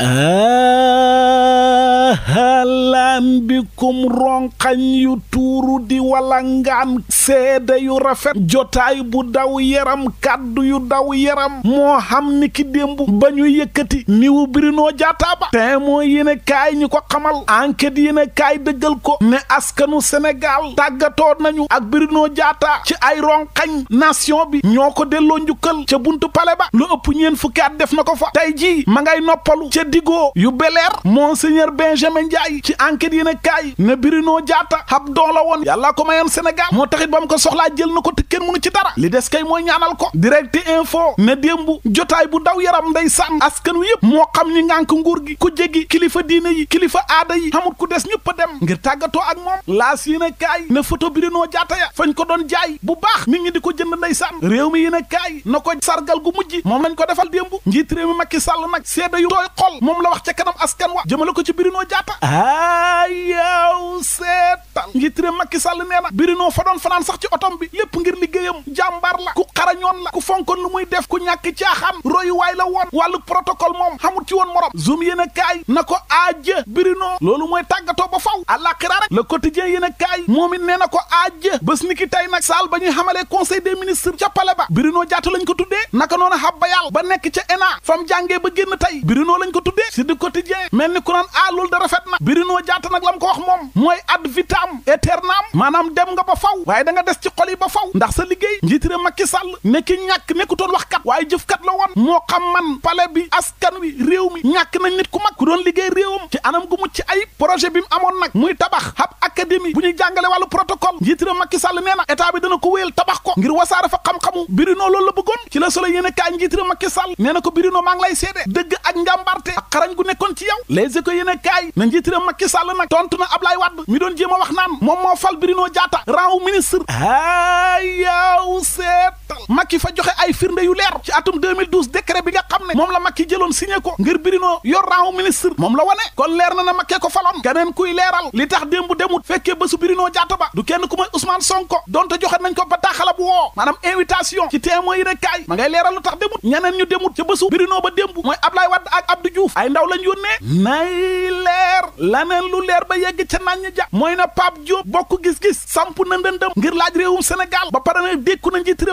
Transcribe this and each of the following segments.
أهلا آه، am bikum ronqañ yu tuuru di wala ngaan seede yu rafet jotaay bu daw yaram kaddu yu daw yaram moo xam ni ki démb ba ñu yëkkati niwu birinoo jaataa ba te moo yéen kaay ñi ko xamal enquête yéen kaay dëggal ko ne askanu Sénégal tàggatoo nañu ak birinoo jaataa ci ay ronqañ nation bi ñoo ko delloo njukkal ca bunt pale ba lu ëpp ñeen fukki at def na ko fa tey jii ma noppalu ca digoo yu beleer monseigneur Benjamin Ndiaye ci enquête enquête yéen a kaay ne Bruno Diatta ab don la woon yalla ko mayoon Sénégal moo taxit ba mu ko soxlaa jël na ko te kenn mënu ci dara li des kay mooy ñaanal ko direct info ne démb jotaay bu daw yaram nday sànn askan wi yëpp moo xam ni ngànk nguur gi ku jéggi kilifa diine yi kilifa aada yi xamut ku des ñëpp dem ngir tàggatoo ak moom laas yéen a kaay ne photo Bruno Diatta ya fañ ko doon jaay bu baax mi ñi di ko jënd nday sànn réew mi yéen a kaay na ko sargal gu mujj moom lañ ko defal démb njiit réew mi Macky Sall nag seede yu tooy xol moom la wax ca kanam askan wa jëmale ko ci Bruno Diatta ah! I'll njiit réew Macky Sall nee na birinoo fa doon fanaan sax ci otom bi lépp ngir liggéeyam jàmbaar la ku xarañoon la ku fonkoon lu muy def ku ñàkk caaxaan royuwaay la woon wàllu protocole moom xamut ci woon morom zoom yéen a na ko aaj birinoo loolu mooy tàggatoo ba faw àllaaxira rek le quotidien yéen a kaay moom nee na ko aaj bés ni ki tey saal ba ñuy xamalee conseil des ministres ca ba birinoo jaata lañ ko tuddee ah na ko wax moom mooy éternam maanaam dem nga ba faw waaye da nga des ci xol yi ba faw ndax sa liggéey njiitire Macky Sall nekki ñàkk nekkutoon waxkat waaye jëf kat la woon moo xam man pale bi askan wi réew mi ñàkk nañ nit ku mag ku doon liggéey réewam ci anam gu mucc ayib projet bi mu amoon nag muy tabax ab académie bu ñuy jàngale wàllu protocole njiitire Macky Sall nee na état bi dana ko wéyal tabax ko ngir wasaare fa xam-xamu birinoo loolu la bëggoon ci la solo yéene kaay ko birinoo maa nekkoon ci yow les éco na njiitire Macky doon jéem a wax naan moom moo fal Bruno Diatta rang wu ministre aa ah, yow seet Macky fa joxe ay firnde yu leer ci atum 2012 décret bi nga xam ne moom la Macky jëloon signé ko ngir birinoo yor raawu ministre moom la wane kon leer nana na Macky ko faloon keneen kuy leeral li tax démb demut fekkee bésu birinoo jaata ba du kenn ku may Ousmane Sonko donte joxe nañ ko bataaxala bu woo maanaam invitation ci témoins yi rek kaay ma ngay leeral lu tax demut ñeneen ñu demut ca bésu birinoo ba démb mooy Ablaye Wade ak Abdou Diouf ay ndaw lañ yónnee nay leer laneen lu leer ba yegg ca nañ ja mooy na Pape Diop bokk gis-gis samp na ndëndëm ngir laaj réewum Sénégal ba pare na dékku na njiit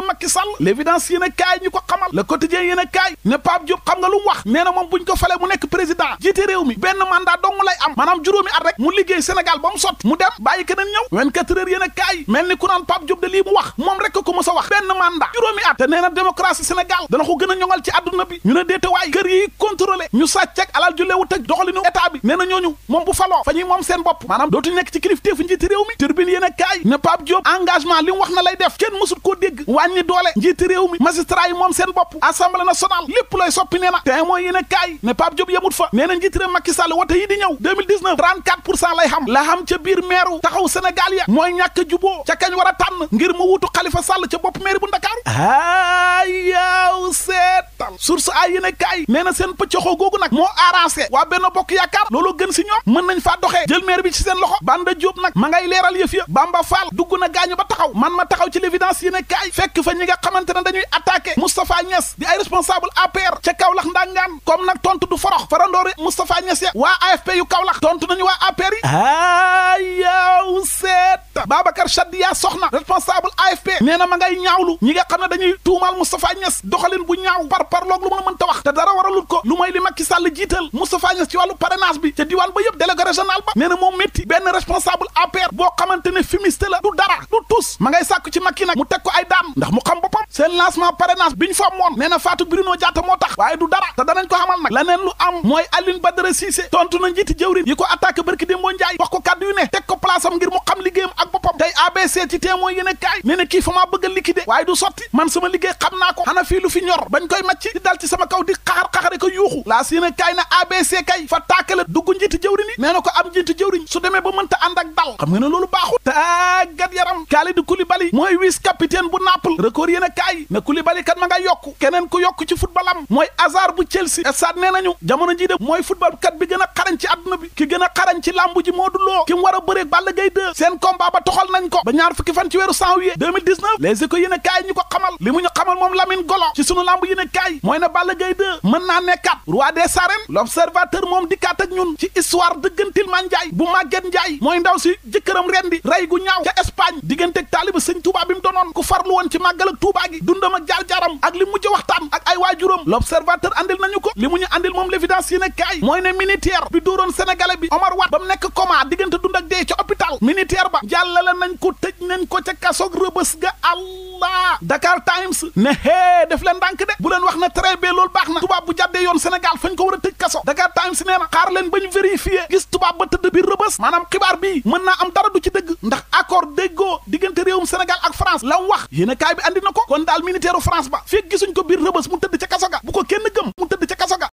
Sall l'évidence yéen a kaay ñu ko xamal le quotidien yéen a kaay ne Pape Diop xam nga lu wax nee na moom buñ ko falee mu nekk président jiite réew mi benn mandat dong lay am maanaam juróomi at rek mu liggéey Sénégal ba mu sott mu dem bàyyi keneen ñëw 24 heures yéen a kaay mel ni ku naan Pape Diop de lii mu wax moom rek ko mës a wax benn mandat juróomi at te nee na démocratie Sénégal dana ko gën a ñoŋal ci àdduna bi ñu ne déete waay kër yi contrôlé ñu sàcc alal ju lewu tëj doxalinu état bi nee ñooñu moom bu faloo fa ñuy moom seen bopp maanaam dootu nekk ci kilifteefu njiiti réew mi turbine yéen a kaay ne Pape wax na lay def kenn mësut koo dégg wàññi doole njiiti réew mi magistrat yi moom seen bopp assemblée nationale lépp lay soppi nee na te mooy yéen a kaay ne Pape Diop yemut fa nee na njiiti réew Macky Sall wote yi di ñëw 2019 34 pour cent lay xam la xam ca biir meeru taxaw Sénégal ya a tànn ngir yaaw seetal source ay yéen a kaay nee na seen pëccoxoo googu nag moo arrangé waa benn bokk yaakaar loolu gën si ñoom mën nañ faa doxee jël maire bi ci seen loxo Banda Diop nag ma ngay leeral yëf ya Bamba Fall dugg na gaañu ba taxaw man ma taxaw ci l'évidence yéen a kaay fekk fa ñi xamante ne dañuy attaqué Moustapha Niass di ay responsable APR ca Kaolack ndangaan comme nag tontu du forox farandoori Moustapha Niass ya waa AFP yu Kaolack tontu nañu waa APR yi aayaw seet Babacar Chadiya Soxna responsable AFP nee na ñaawlu ñi nga xam ne dañuy tuumaal Moustapha Niass doxalin bu ñaaw par parloog lu ma mënta wax te dara waralut ko lu mooy li Macky Sall jiital Moustapha Niass ci wàllu parrainage bi ca diwaan ba yëpp délégué régional ba nee moom métti benn responsable APR boo xamante ne fumiste du dara du tus ma ngay sàkku ci Macky nag mu teg ko ay daan ndax mu xam boppam seen lancement parrainage bi ñu fa na Fatou Bruno Diatta moo tax waaye du dara te danañ ko demee seet ci témoin yéen a kii fa maa bëgg a liquider waaye du sotti man sama liggéey xam naa ko xana fii fi ñor bañ koy macc di dal ci sama kaw di xaxar xaxare yuuxu laas yéen a kaay na abc kay fa tàkkale dugg njiiti jëwriñ yi ko am njiiti jëwriñ su demee ba mënta ànd ak dal xam nga ne loolu baaxul tàggat yaram Kalidou Koulibaly mooy vice capitaine bu Naples record yéen a kaay na kat ma nga yokk keneen ku yokk ci football mooy Hazard bu a a a bëreeg ñaar fukki fan ci weeru janvier 2019 les éco yéen a kaay ñu ko xamal li mu xamal moom Lamine Golo ci sunu lamb yéen a mooy na Balla Gaye mën naa nekkaat roi des arènes l'observateur moom dikkaat ak ñun ci histoire dëggantil man Njaay bu Maguette Njaay mooy ndaw si jëkkëram ren di rey gu ñaaw ca Espagne diggante ak taaliba sëñ Touba bi ku farlu woon ci màggal ak Touba gi dundam ak jaar-jaaram ak li mujj waxtaan ak ay waajuram l'observateur andil nañu ko li mu ñu andil moom l'évidence yéen a kaay mooy ne militaire bi dóoroon sénégalais bi Omar Wat ba nañ ko tëj nañ ko ca kasoog rëbës ga allah Dakar Times ne hee def leen ndànk de bu leen wax na très bien loolu baax na tubaab bu jàddee yoon Sénégal fañ ko war a tëj kaso Dakar Times nee na xaar leen bañ gis tubaab ba tëdd biir rëbës maanaam xibaar bii mën naa am dara du ci dëgg ndax accord déggoo diggante réewum Sénégal ak France la wax yéene kaay bi andi na ko kon daal militaire France ba fekk gisuñ ko biir rëbës mu tëdd ca kaso ga bu ko kenn gëm mu tëdd